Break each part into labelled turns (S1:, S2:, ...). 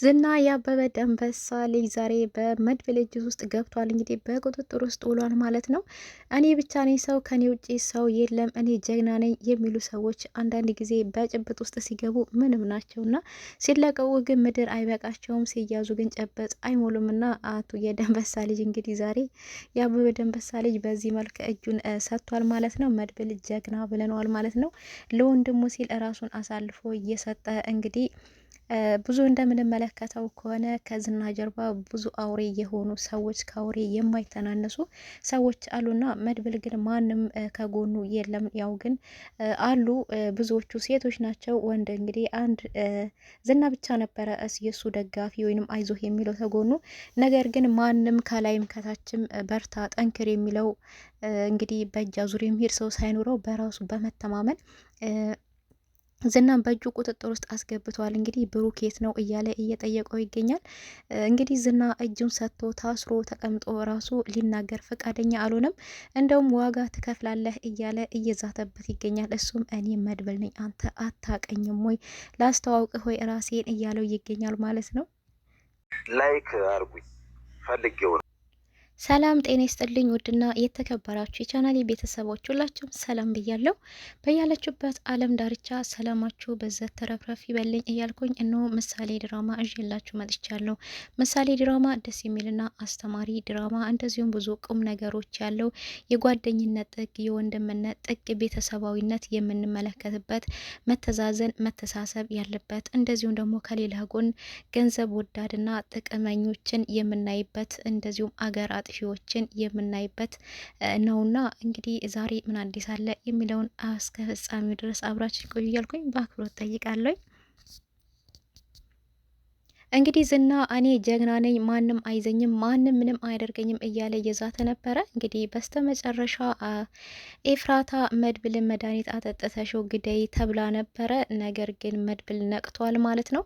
S1: ዝና ያበበ ደንበሳ ልጅ ዛሬ በመድብል እጅ ውስጥ ገብቷል። እንግዲህ በቁጥጥር ውስጥ ውሏል ማለት ነው። እኔ ብቻ ነኝ ሰው፣ ከኔ ውጭ ሰው የለም፣ እኔ ጀግና ነኝ የሚሉ ሰዎች አንዳንድ ጊዜ በጭብጥ ውስጥ ሲገቡ ምንም ናቸውና ሲለቀቁ ግን ምድር አይበቃቸውም፣ ሲያዙ ግን ጨበጥ አይሞሉምና አቶ የደንበሳ ልጅ እንግዲህ ዛሬ ያበበ ደንበሳ ልጅ በዚህ መልክ እጁን ሰጥቷል ማለት ነው። መድብል ጀግና ብለነዋል ማለት ነው። ለወንድሙ ሲል ራሱን አሳልፎ እየሰጠ እንግዲህ ብዙ እንደምንመለከተው ከሆነ ከዝና ጀርባ ብዙ አውሬ የሆኑ ሰዎች ከአውሬ የማይተናነሱ ሰዎች አሉና መድብል ግን ማንም ከጎኑ የለም። ያው ግን አሉ ብዙዎቹ ሴቶች ናቸው። ወንድ እንግዲህ አንድ ዝና ብቻ ነበረ የእሱ ደጋፊ ወይም አይዞህ የሚለው ተጎኑ። ነገር ግን ማንም ከላይም ከታችም በርታ ጠንክር የሚለው እንግዲህ በእጅ አዙር የሚሄድ ሰው ሳይኖረው በራሱ በመተማመን ዝናን በእጁ ቁጥጥር ውስጥ አስገብቷል እንግዲህ ብሩክ የት ነው እያለ እየጠየቀው ይገኛል። እንግዲህ ዝና እጁን ሰጥቶ ታስሮ ተቀምጦ ራሱ ሊናገር ፈቃደኛ አልሆነም። እንደውም ዋጋ ትከፍላለህ እያለ እየዛተበት ይገኛል። እሱም እኔ መድብል ነኝ፣ አንተ አታቀኝም ወይ ላስተዋውቅ ሆይ ራሴን እያለው ይገኛል ማለት ነው። ላይክ አርጉኝ
S2: ፈልጌው ሰላም ጤና ይስጥልኝ። ውድና የተከበራችሁ የቻናሌ ቤተሰቦች ሁላችሁም ሰላም ብያለሁ። በያላችሁበት ዓለም ዳርቻ ሰላማችሁ በዘት ተረፍረፍ ይበልኝ እያልኩኝ እነሆ ምሳሌ ድራማ እዥላችሁ መጥቻለሁ። ምሳሌ ድራማ ደስ የሚልና አስተማሪ ድራማ እንደዚሁም ብዙ ቁም ነገሮች ያለው የጓደኝነት ጥግ፣ የወንድምነት ጥግ፣ ቤተሰባዊነት የምንመለከትበት መተዛዘን፣ መተሳሰብ ያለበት እንደዚሁም ደግሞ ከሌላ ጎን ገንዘብ ወዳድና ጥቅመኞችን የምናይበት እንደዚሁም አገር ሺዎችን የምናይበት ነውና እንግዲህ ዛሬ ምን አዲስ አለ የሚለውን እስከ ፍጻሜው ድረስ አብራችን ቆዩ እያልኩኝ በአክብሮት ጠይቃለሁ። እንግዲህ ዝና እኔ ጀግና ነኝ፣ ማንም አይዘኝም፣ ማንም ምንም አያደርገኝም እያለ እየዛተ ነበረ። እንግዲህ በስተመጨረሻ ኤፍራታ መድብልን መድኃኒት አጠጥተሽው ግደይ ተብላ ነበረ። ነገር ግን መድብል ነቅቷል ማለት ነው።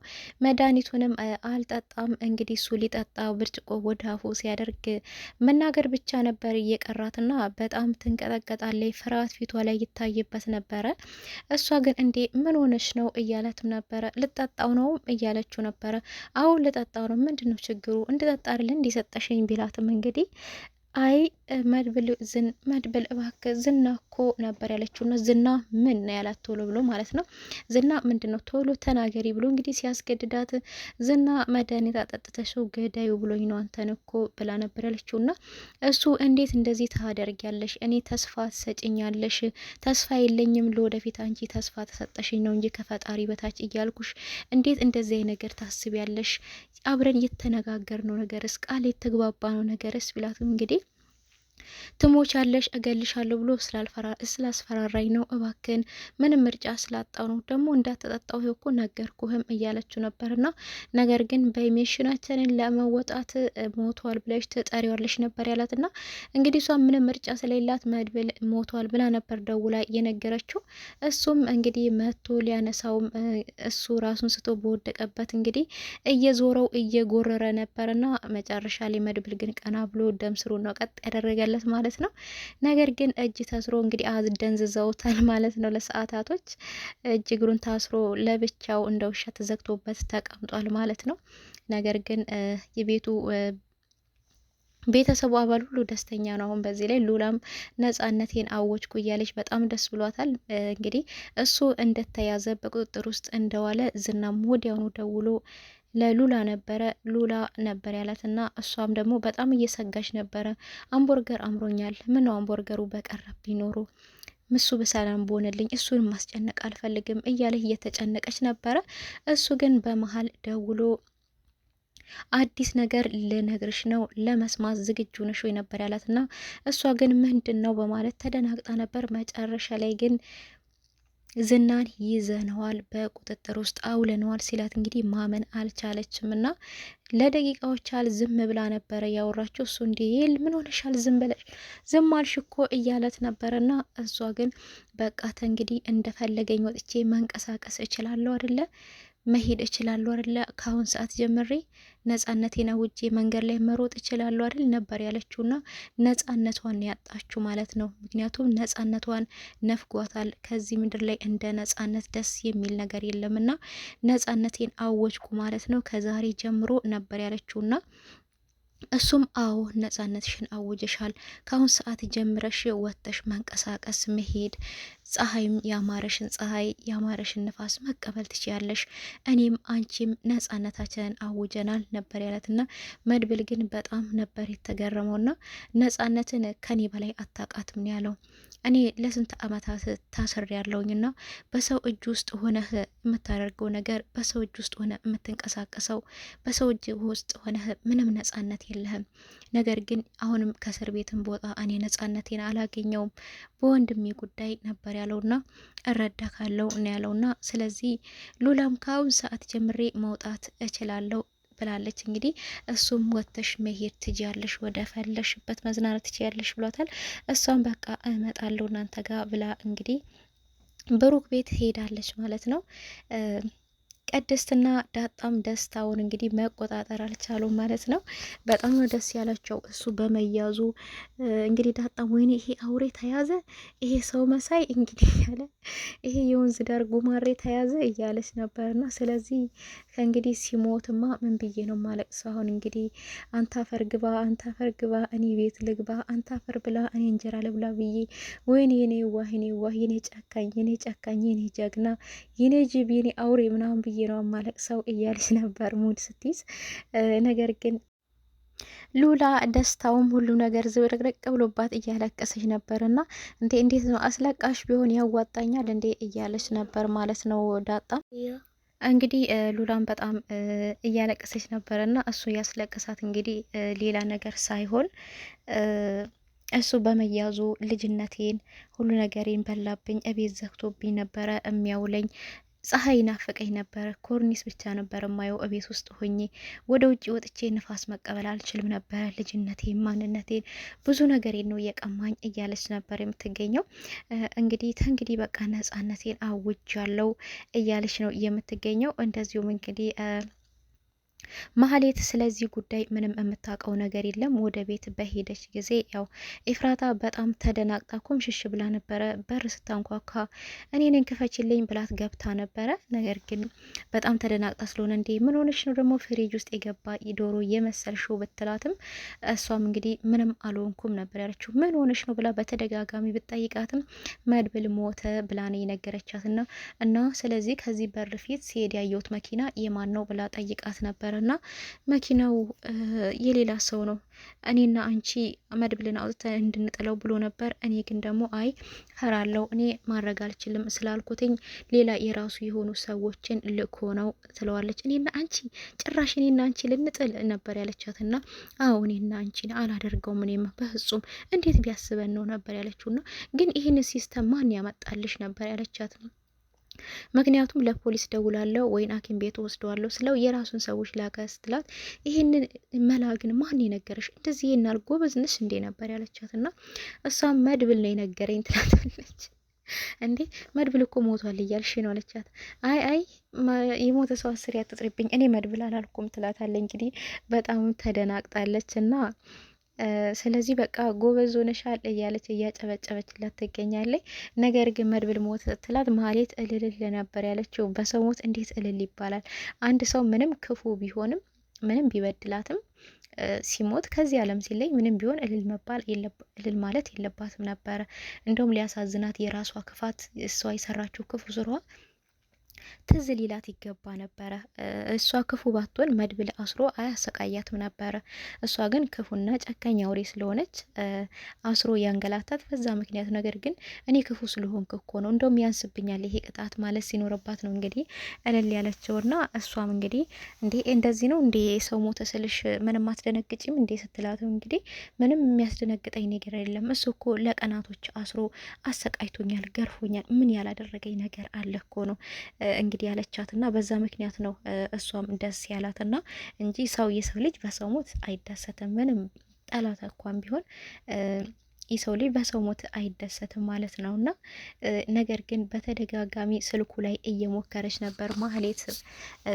S2: መድኃኒቱንም አልጠጣም። እንግዲህ እሱ ሊጠጣ ብርጭቆ ወደ አፉ ሲያደርግ መናገር ብቻ ነበር እየቀራትና በጣም ትንቀጠቀጣለች። ፍርሃት ፊቷ ላይ ይታይበት ነበረ። እሷ ግን እንዴ ምን ሆነሽ ነው እያለትም ነበረ። ልጠጣው ነው እያለችው ነበረ አሁን ልጠጣ ነው ምንድን ነው ችግሩ እንድጠጣ አይደል እንዲሰጠሽኝ ቢላትም እንግዲህ አይ መድብል ዝን መድብል እባክህ ዝና እኮ ነበር ያለችው። እና ዝና ምን ነው ያላት ቶሎ ብሎ ማለት ነው። ዝና ምንድን ነው ቶሎ ተናገሪ ብሎ እንግዲህ ሲያስገድዳት ዝና መድኃኒት አጠጥተሽው ገዳዩ ብሎኝ ነው አንተን እኮ ብላ ነበር ያለችው። እና እሱ እንዴት እንደዚህ ታደርጊያለሽ? እኔ ተስፋ ትሰጭኛለሽ? ተስፋ የለኝም ለወደፊት። አንቺ ተስፋ ተሰጠሽኝ ነው እንጂ ከፈጣሪ በታች እያልኩሽ እንዴት እንደዚህ ነገር ታስቢያለሽ? አብረን የተነጋገር ነው ነገርስ ቃል የተግባባ ነው ነገርስ ቢላትም እንግዲህ ትሞቻለሽ እገልሻለሁ ብሎ ስላስፈራራኝ ነው። እባክን ምንም ምርጫ ስላጣው ነው። ደግሞ እንዳተጠጣው እኮ ነገርኩህም እያለችው ነበርና ነገር ግን በሚሽናችንን ለመወጣት ሞቷል ብለሽ ትጠሪዋለሽ ነበር ያላትና እንግዲህ እሷ ምንም ምርጫ ስለሌላት መድብል ሞቷል ብላ ነበር ደውላ የነገረችው። እሱም እንግዲህ መቶ ሊያነሳውም እሱ ራሱን ስቶ በወደቀበት እንግዲህ እየዞረው እየጎረረ ነበርና መጨረሻ ላይ መድብል ግን ቀና ብሎ ደምስሩ ነው ቀጥ ያደረገ አድርጋለት ማለት ነው። ነገር ግን እጅ ተስሮ እንግዲህ አስደንዝዘውታል ማለት ነው። ለሰዓታቶች እጅ እግሩን ታስሮ ለብቻው እንደ ውሻ ተዘግቶበት ተቀምጧል ማለት ነው። ነገር ግን የቤቱ ቤተሰቡ አባል ሁሉ ደስተኛ ነው። አሁን በዚህ ላይ ሉላም ነጻነቴን አወጅኩ እያለች በጣም ደስ ብሏታል። እንግዲህ እሱ እንደተያዘ በቁጥጥር ውስጥ እንደዋለ ዝናም ወዲያውኑ ደውሎ ለሉላ ነበረ ሉላ ነበር ያላት እና እሷም ደግሞ በጣም እየሰጋች ነበረ። አምቦርገር አምሮኛል፣ ምነው አምቦርገሩ በቀረብ ቢኖሩ ምሱ በሰላም በሆነልኝ እሱን ማስጨነቅ አልፈልግም እያለ እየተጨነቀች ነበረ። እሱ ግን በመሀል ደውሎ አዲስ ነገር ልነግርሽ ነው ለመስማት ዝግጁ ነሽ ወይ ነበር ያላት እና እሷ ግን ምንድን ነው በማለት ተደናግጣ ነበር። መጨረሻ ላይ ግን ዝናን ይዘነዋል፣ በቁጥጥር ውስጥ አውለነዋል ሲላት እንግዲህ ማመን አልቻለችም እና ለደቂቃዎች ያህል ዝም ብላ ነበረ ያወራችው። እሱ እንዲህ ይል ምን ሆነሻል? ዝም ብለሽ ዝም አልሽ እኮ እያለት ነበረና እሷ ግን በቃተ እንግዲህ እንደፈለገኝ ወጥቼ መንቀሳቀስ እችላለሁ አይደለ መሄድ እችላለሁ አይደለ? ከአሁን ሰዓት ጀምሬ ነጻነቴን አውጄ መንገድ ላይ መሮጥ እችላለሁ አይደል? ነበር ያለችውና ነጻነቷን ያጣችው ማለት ነው። ምክንያቱም ነጻነቷን ነፍጓታል። ከዚህ ምድር ላይ እንደ ነጻነት ደስ የሚል ነገር የለምና ነጻነቴን አወጅኩ ማለት ነው ከዛሬ ጀምሮ ነበር ያለችውና እሱም አዎ ነጻነትሽን አውጀሻል። ከአሁን ሰዓት ጀምረሽ ወጥተሽ መንቀሳቀስ መሄድ ፀሐይም ያማረሽን ፀሐይ ያማረሽን ንፋስ መቀበል ትችያለሽ፣ እኔም አንቺም ነጻነታችንን አውጀናል ነበር ያለትና መድብል ግን በጣም ነበር የተገረመውና ነጻነትን ከኔ በላይ አታውቃትም ነው ያለው። እኔ ለስንት ዓመታት ታስር ያለውኝና በሰው እጅ ውስጥ ሆነህ የምታደርገው ነገር በሰው እጅ ውስጥ ሆነ የምትንቀሳቀሰው በሰው እጅ ውስጥ ሆነህ ምንም ነጻነት የለህም። ነገር ግን አሁንም ከእስር ቤትን ቦታ እኔ ነጻነቴን አላገኘውም በወንድሜ ጉዳይ ነበር ያለውና እረዳ ካለው ነው ያለውና ስለዚህ ሉላም ከአሁን ሰዓት ጀምሬ መውጣት እችላለሁ ብላለች። እንግዲህ እሱም ወጥተሽ መሄድ ትችያለሽ፣ ወደ ፈለሽበት መዝናናት ትችያለሽ ብሏታል። እሷም በቃ እመጣለሁ እናንተ ጋር ብላ እንግዲህ ብሩክ ቤት ሄዳለች ማለት ነው። ቅድስትና ዳጣም ደስታውን እንግዲህ መቆጣጠር አልቻሉም ማለት ነው። በጣም ነው ደስ ያላቸው እሱ በመያዙ እንግዲህ ዳጣም ወይኔ ይሄ አውሬ ተያዘ፣ ይሄ ሰው መሳይ እንግዲህ ያለ ይሄ የወንዝ ዳር ጉማሬ ተያዘ እያለች ነበርና ስለዚህ ከእንግዲህ ሲሞትማ ምን ብዬ ነው ማለቅ ሳሆን እንግዲህ አንተ አፈር ግባ፣ አንተ አፈር ግባ፣ እኔ ቤት ልግባ፣ አንተ አፈር ብላ፣ እኔ እንጀራ ልብላ ብዬ ወይኔ የኔ ዋህ፣ የኔ ዋህ፣ የኔ ጨካኝ፣ የኔ ጨካኝ፣ የኔ ጀግና፣ የኔ ጅብ፣ የኔ አውሬ ምናምን ብዬ ብዬ ነው አማለቅ ሰው እያልሽ ነበር ሙድ ስትይዝ። ነገር ግን ሉላ ደስታውም ሁሉ ነገር ዝብርቅርቅ ብሎባት እያለቀሰች ነበር። እና እንዴ እንዴት ነው አስለቃሽ ቢሆን ያዋጣኛል እንዴ እያለች ነበር ማለት ነው ዳጣ እንግዲህ ሉላን በጣም እያለቀሰች ነበር እና እሱ ያስለቀሳት እንግዲህ ሌላ ነገር ሳይሆን እሱ በመያዙ ልጅነቴን ሁሉ ነገሬን በላብኝ፣ እቤት ዘግቶብኝ ነበረ የሚያውለኝ ፀሐይ ናፈቀኝ ነበር ኮርኒስ ብቻ ነበር የማየው እቤት ውስጥ ሆኜ። ወደ ውጭ ወጥቼ ንፋስ መቀበል አልችልም ነበረ። ልጅነቴ፣ ማንነቴን፣ ብዙ ነገሬን ነው እየቀማኝ እያለች ነበር የምትገኘው። እንግዲህ ተንግዲህ በቃ ነጻነቴን አውጃለሁ እያለች ነው የምትገኘው። እንደዚሁም እንግዲህ መሀሌት ስለዚህ ጉዳይ ምንም የምታውቀው ነገር የለም። ወደ ቤት በሄደች ጊዜ ያው ኤፍራታ በጣም ተደናቅጣ ኩምሽሽ ብላ ነበረ። በር ስታንኳኳ እኔንን ክፈችልኝ ብላት ገብታ ነበረ። ነገር ግን በጣም ተደናቅጣ ስለሆነ እንዴ ምን ሆነች ነው ደግሞ ፍሪጅ ውስጥ የገባ ዶሮ የመሰል ብትላትም እሷም እንግዲህ ምንም አልሆንኩም ነበር ያለችው። ምን ሆነች ነው ብላ በተደጋጋሚ ብትጠይቃትም መድብል ሞተ ብላ ነው የነገረቻት እና እና ስለዚህ ከዚህ በር ፊት ሲሄድ ያየሁት መኪና የማን ነው ብላ ጠይቃት ነበረ እና መኪናው የሌላ ሰው ነው እኔና አንቺ መድብልን አውጥተን እንድንጥለው ብሎ ነበር። እኔ ግን ደግሞ አይ ፈራለው እኔ ማድረግ አልችልም ስላልኩትኝ ሌላ የራሱ የሆኑ ሰዎችን ልኮ ነው ትለዋለች። እኔና አንቺ ጭራሽ እኔና አንቺ ልንጥል ነበር ያለቻት ና አዎ እኔና አንቺ አላደርገውም እኔም በፍጹም እንዴት ቢያስበን ነው ነበር ያለችው ና ግን ይህን ሲስተም ማን ያመጣልሽ ነበር ያለቻት ነው ምክንያቱም ለፖሊስ ደውላለሁ ወይን ሐኪም ቤት ወስደዋለሁ ስለው የራሱን ሰዎች ላከ ስትላት ይህንን መላ ግን ማን የነገረሽ እንደዚህ ይናል ጎበዝ ነሽ እንዴ ነበር ያለቻት እና እሷም መድብል ነው የነገረኝ ትላታለች። እንዴ መድብል እኮ ሞቷል እያልሽ ነው አለቻት። አይ አይ የሞተ ሰው አስር ያትጥሪብኝ እኔ መድብል አላልኩም ትላታለች። እንግዲህ በጣም ተደናቅጣለች እና ስለዚህ በቃ ጎበዝ ሆነሻል እያለች እያጨበጨበችላት ትገኛለች። ነገር ግን መድብል ሞት ስትላት ማህሌት እልልል ነበር ያለችው። በሰው ሞት እንዴት እልል ይባላል? አንድ ሰው ምንም ክፉ ቢሆንም ምንም ቢበድላትም ሲሞት ከዚህ ዓለም ሲለይ ምንም ቢሆን እልል መባል እልል ማለት የለባትም ነበረ። እንደውም ሊያሳዝናት የራሷ ክፋት እሷ የሰራችው ክፉ ስሯ ትዝ ሊላት ይገባ ነበረ። እሷ ክፉ ባትሆን መድብል አስሮ አያሰቃያትም ነበረ። እሷ ግን ክፉና ጨካኝ አውሬ ስለሆነች አስሮ ያንገላታት በዛ ምክንያት። ነገር ግን እኔ ክፉ ስለሆንክ እኮ ነው እንደውም ያንስብኛል ይሄ ቅጣት ማለት ሲኖርባት ነው እንግዲህ እልል ያለችውና እሷም እንግዲህ እንዴ እንደዚህ ነው እንዴ ሰው ሞተ ስልሽ ምንም አትደነግጭም እንዴ ስትላትም እንግዲህ ምንም የሚያስደነግጠኝ ነገር የለም እሱ እኮ ለቀናቶች አስሮ አሰቃይቶኛል፣ ገርፎኛል። ምን ያላደረገኝ ነገር አለ እኮ ነው እንግዲህ ያለቻትና በዛ ምክንያት ነው እሷም ደስ ያላትና እንጂ ሰው የሰው ልጅ በሰው ሞት አይደሰትም ምንም ጠላት እንኳን ቢሆን የሰው ልጅ በሰው ሞት አይደሰትም ማለት ነው እና ነገር ግን በተደጋጋሚ ስልኩ ላይ እየሞከረች ነበር ማህሌት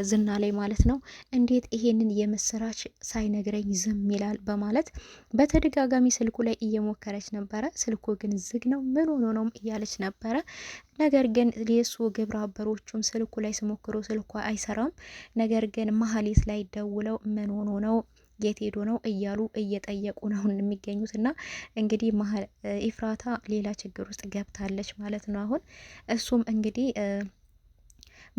S2: ዝና ላይ ማለት ነው። እንዴት ይሄንን የምስራች ሳይነግረኝ ዝም ይላል በማለት በተደጋጋሚ ስልኩ ላይ እየሞከረች ነበረ። ስልኩ ግን ዝግ ነው፣ ምን ሆኖ ነው እያለች ነበረ። ነገር ግን የሱ ግብረ አበሮቹም ስልኩ ላይ ስሞክሮ ስልኳ አይሰራም። ነገር ግን ማህሌት ላይ ደውለው ምን ሆኖ ነው የት ሄዶ ነው እያሉ እየጠየቁ ነው የሚገኙት። እና እንግዲህ መሀል ሌላ ችግር ውስጥ ገብታለች ማለት ነው። አሁን እሱም እንግዲህ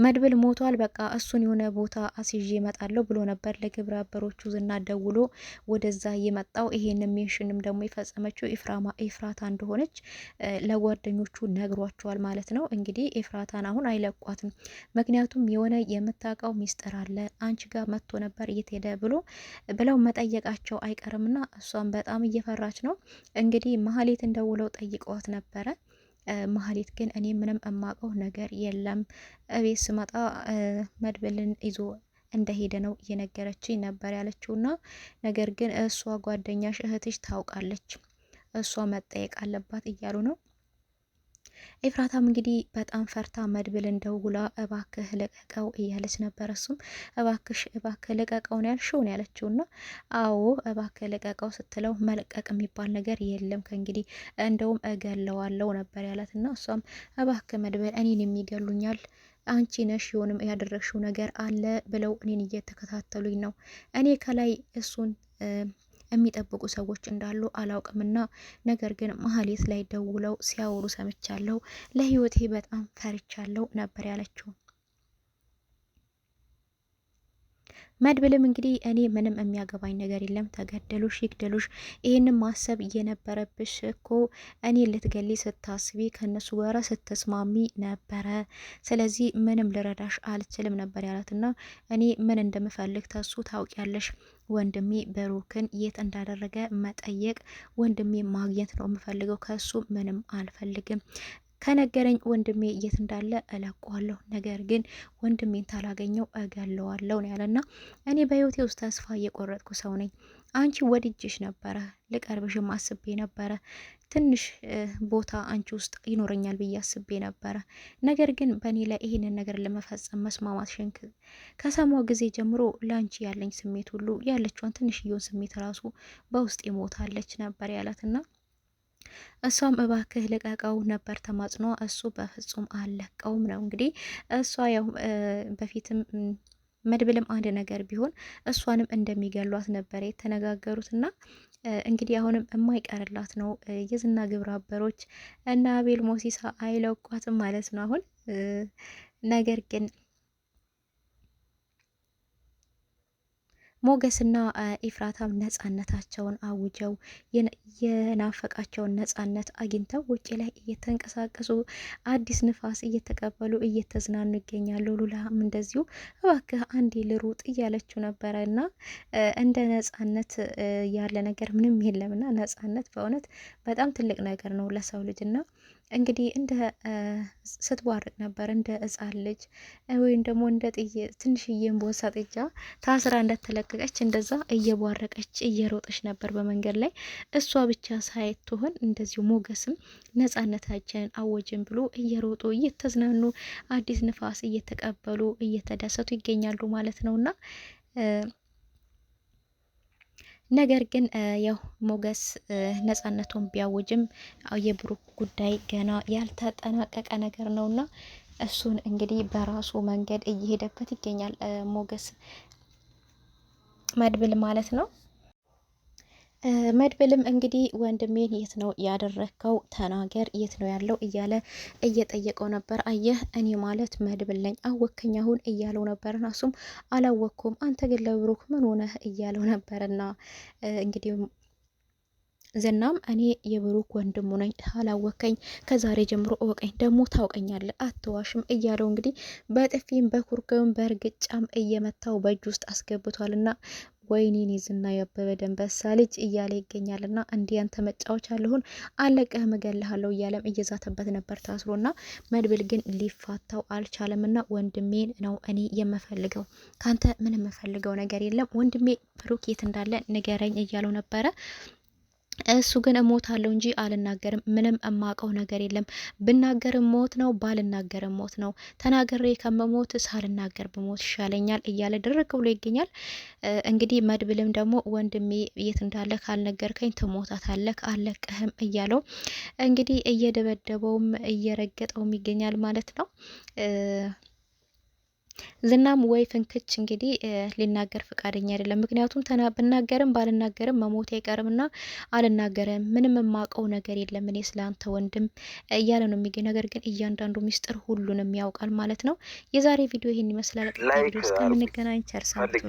S2: መድብል ሞቷል፣ በቃ እሱን የሆነ ቦታ አስይዤ እመጣለሁ ብሎ ነበር ለግብረ አበሮቹ ዝና ደውሎ ወደዛ የመጣው። ይሄን ሚሽንም ደግሞ የፈጸመችው ኤፍራታ እንደሆነች ለጓደኞቹ ነግሯቸዋል ማለት ነው። እንግዲህ ኤፍራታን አሁን አይለቋትም። ምክንያቱም የሆነ የምታውቀው ሚስጥር አለ አንቺ ጋር መጥቶ ነበር እየተሄደ ብሎ ብለው መጠየቃቸው አይቀርምና እሷን በጣም እየፈራች ነው። እንግዲህ መሀሌትን ደውለው ጠይቀዋት ነበረ ማህሌት ግን እኔ ምንም እማቀው ነገር የለም እቤት ስመጣ መድብልን ይዞ እንደሄደ ነው እየነገረችኝ ነበር ያለችው ና ነገር ግን እሷ ጓደኛሽ እህትሽ ታውቃለች፣ እሷ መጠየቅ አለባት እያሉ ነው። ኤፍራታም እንግዲህ በጣም ፈርታ መድብልን ደውላ እባክህ ልቀቀው እያለች ነበር። እሱም እባክሽ እባክህ ልቀቀው ነው ያልሽው ነው ያለችው። ና አዎ እባክህ ልቀቀው ስትለው መልቀቅ የሚባል ነገር የለም ከእንግዲህ እንደውም እገለዋለው ነበር ያላት። ና እሷም እባክህ መድብል እኔን የሚገሉኛል አንቺ ነሽ የሆንም ያደረግሽው ነገር አለ ብለው እኔን እየተከታተሉኝ ነው እኔ ከላይ እሱን የሚጠብቁ ሰዎች እንዳሉ አላውቅምና፣ ነገር ግን መሀሌት ላይ ደውለው ሲያወሩ ሰምቻለሁ። ለህይወቴ በጣም ፈርቻለሁ ነበር ያለችው። መድብልም እንግዲህ እኔ ምንም የሚያገባኝ ነገር የለም፣ ተገደሉሽ ይግደሉሽ፣ ይህንን ማሰብ እየነበረብሽ እኮ እኔ ልትገሊ ስታስቢ ከነሱ ጋር ስትስማሚ ነበረ። ስለዚህ ምንም ልረዳሽ አልችልም ነበር ያላትና እኔ ምን እንደምፈልግ ተሱ ታውቂያለሽ፣ ወንድሜ ብሩክን የት እንዳደረገ መጠየቅ፣ ወንድሜ ማግኘት ነው የምፈልገው። ከሱ ምንም አልፈልግም። ከነገረኝ ወንድሜ የት እንዳለ እለቀዋለሁ፣ ነገር ግን ወንድሜን ታላገኘው እገለዋለሁ ነው ያለና እኔ በህይወቴ ውስጥ ተስፋ እየቆረጥኩ ሰው ነኝ። አንቺ ወድጅሽ ነበረ፣ ልቀርብሽም አስቤ ነበረ። ትንሽ ቦታ አንቺ ውስጥ ይኖረኛል ብዬ አስቤ ነበረ። ነገር ግን በእኔ ላይ ይህንን ነገር ለመፈጸም መስማማት ሽንክ ከሰማው ጊዜ ጀምሮ ለአንቺ ያለኝ ስሜት ሁሉ ትንሽ ትንሽየውን ስሜት ራሱ በውስጥ ሞታለች ነበር ያላትና እሷም እባክህ ልቀቀው ነበር ተማጽኖ፣ እሱ በፍጹም አልለቀውም ነው እንግዲህ። እሷ ያው በፊትም መድብልም አንድ ነገር ቢሆን እሷንም እንደሚገሏት ነበር የተነጋገሩትና እንግዲህ አሁንም የማይቀርላት ነው የዝና ግብረ አበሮች እና አቤል ሞሲሳ አይለቋትም ማለት ነው አሁን ነገር ግን ሞገስና ኢፍራታም ነጻነታቸውን አውጀው የናፈቃቸውን ነጻነት አግኝተው ውጭ ላይ እየተንቀሳቀሱ አዲስ ንፋስ እየተቀበሉ እየተዝናኑ ይገኛሉ። ሉላም እንደዚሁ እባክህ አንዴ ልሩጥ እያለችው ነበረ እና እንደ ነጻነት ያለ ነገር ምንም የለምና ነጻነት በእውነት በጣም ትልቅ ነገር ነው ለሰው ልጅ እና እንግዲህ እንደ ስትቧርቅ ነበር እንደ ህፃን ልጅ ወይም ደግሞ እንደ ጥዬ ትንሽዬ እምቦሳ ጥጃ ታስራ እንደተለቀቀች እንደዛ እየቧረቀች እየሮጠች ነበር በመንገድ ላይ። እሷ ብቻ ሳይትሆን እንደዚሁ ሞገስም ነጻነታችንን አወጅን ብሎ እየሮጡ እየተዝናኑ አዲስ ንፋስ እየተቀበሉ እየተደሰቱ ይገኛሉ ማለት ነውና ነገር ግን ያው ሞገስ ነጻነቱን ቢያውጅም የብሩክ ጉዳይ ገና ያልተጠናቀቀ ነገር ነውና እሱን እንግዲህ በራሱ መንገድ እየሄደበት ይገኛል ሞገስ መድብል ማለት ነው። መድብልም እንግዲህ ወንድሜን የት ነው ያደረግከው? ተናገር፣ የት ነው ያለው እያለ እየጠየቀው ነበር። አየህ እኔ ማለት መድብል ነኝ አወከኝ አሁን እያለው ነበር። ና እሱም አላወቅኩም፣ አንተ ግን ለብሩክ ምን ሆነህ እያለው ነበር። ና እንግዲህ ዝናም እኔ የብሩክ ወንድሙ ነኝ፣ አላወከኝ፣ ከዛሬ ጀምሮ እወቀኝ፣ ደግሞ ታውቀኛለህ፣ አትዋሽም እያለው እንግዲህ በጥፊም በኩርክም በእርግጫም እየመታው በእጅ ውስጥ አስገብቷል ና ወይኔን ዝና ያበበ ደንበሳ ልጅ እያለ ይገኛል። ና እንዲህ ያንተ መጫወቻ ልሁን አለቀህ ምገልሃለሁ እያለም እየዛተበት ነበር ታስሮ ና መድብል ግን ሊፋታው አልቻለም። ና ወንድሜን ነው እኔ የምፈልገው ካንተ ምን የምፈልገው ነገር የለም ወንድሜ ብሩክ የት እንዳለ ንገረኝ እያለው ነበረ። እሱ ግን እሞታለሁ እንጂ አልናገርም። ምንም እማቀው ነገር የለም። ብናገርም ሞት ነው፣ ባልናገርም ሞት ነው። ተናግሬ ከመሞት ሳልናገር ብሞት ይሻለኛል እያለ ድርቅ ብሎ ይገኛል። እንግዲህ መድብልም ደግሞ ወንድሜ የት እንዳለ ካልነገርከኝ ትሞታታለህ፣ አለቅህም እያለው እንግዲህ እየደበደበውም እየረገጠውም ይገኛል ማለት ነው። ዝናም ወይ ፍንክች እንግዲህ ሊናገር ፈቃደኛ አይደለም። ምክንያቱም ብናገርም ባልናገርም መሞት አይቀርምና አልናገርም፣ ምንም የማውቀው ነገር የለም እኔ ስለአንተ ወንድም እያለ ነው የሚገኝ። ነገር ግን እያንዳንዱ ሚስጥር ሁሉንም ያውቃል ማለት ነው። የዛሬ ቪዲዮ ይህን ይመስላል። ቀጣይ ቪዲዮ እስከምንገናኝ ቸር ሰንብቱ።